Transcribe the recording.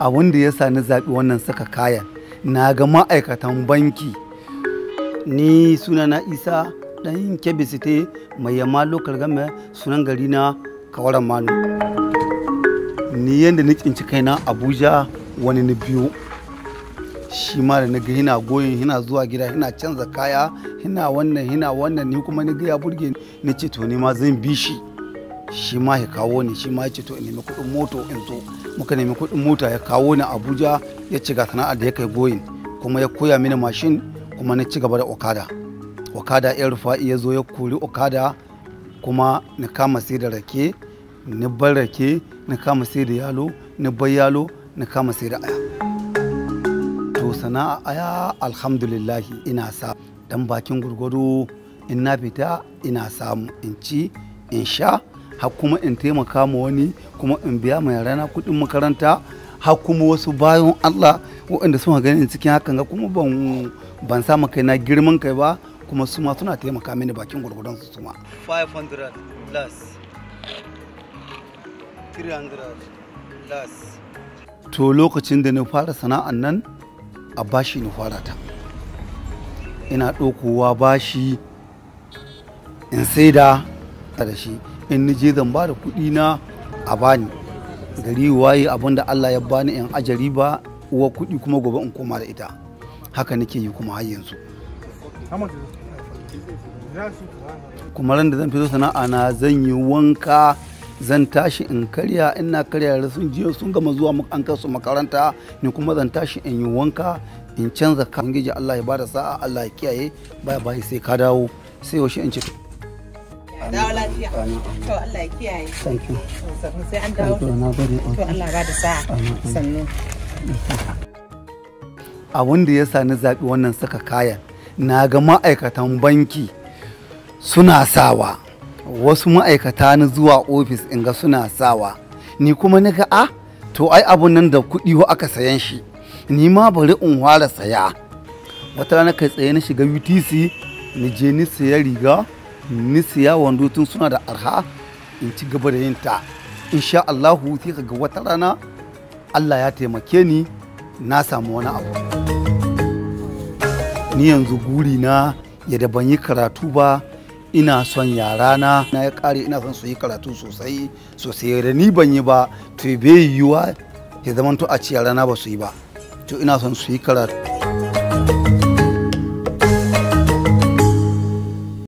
abin da ya sa ni zaɓi wannan saka kayan na ga ma'aikatan banki ni suna na isa ɗan kebe mai yamma lokal game sunan gari na kawaran manu ni yadda ni kai kaina abuja wani na biyu shi ma da naga hina goyin hina zuwa gida hina canza kaya hina wannan hina wannan ni kuma naga ya burge ni ce to ni ma zan bi shi shi ma ya kawo ni shi ma ya ce to in nemi kuɗin moto in zo muka nemi kuɗin mota ya kawo ni abuja ya ci ga sana'ar da ya kai goyin kuma ya koya mini mashin kuma na ci gaba da okada okada ya rufa ya zo ya kori okada kuma na kama sai da rake ni bar rake na kama sai da yalo ni bar yalo na kama sai da aya to sana'a aya alhamdulillahi ina sa dan bakin gurgudu in na fita ina samu in ci in sha har kuma in taimaka ma wani kuma in biya ma yarana kuɗin makaranta har kuma wasu bayan Allah waɗanda suna ganin cikin hakan ga kuma ban ban kai na girman kai ba kuma su suna taimaka mini bakin gwargwadon su suma 500 plus 300 plus to lokacin da na fara sana'an nan a bashi na fara ta ina ɗaukowa bashi in saida da shi in ni je zan ba da kuɗi na a bani gari waye abin da Allah ya bani in ajari ba uwa kuɗi kuma gobe in koma da ita haka nake yi kuma har yanzu kuma ran da zan fito sana'a na zan yi wanka zan tashi in karya ina karya sun jiya sun gama zuwa an kasu makaranta ni kuma zan tashi in yi wanka in canza kan gije Allah ya bada sa'a Allah ya kiyaye baya bai sai ka dawo sai yaushe in ci A wanda ya sani zaɓi wannan saka kayan na ga ma'aikatan banki suna sawa wasu ma'aikata na zuwa ofis in ga suna sawa ni kuma ni ga a to ai abun nan da kuɗi wa aka sayan shi ni ma bari in fara saya wata rana kai tsaye na shiga utc ni je ni saya riga nisiya wando tun suna da arha in ci gaba da yin ta insha Allahu sai ga wata rana Allah ya taimake ni na samu wani abu ni yanzu guri na yadda ban yi karatu ba ina son yara na na ya kare ina son su yi karatu sosai sosai da ni ban yi ba to bai yiwa ya zamanto a ci yara na ba su yi ba to ina son su yi karatu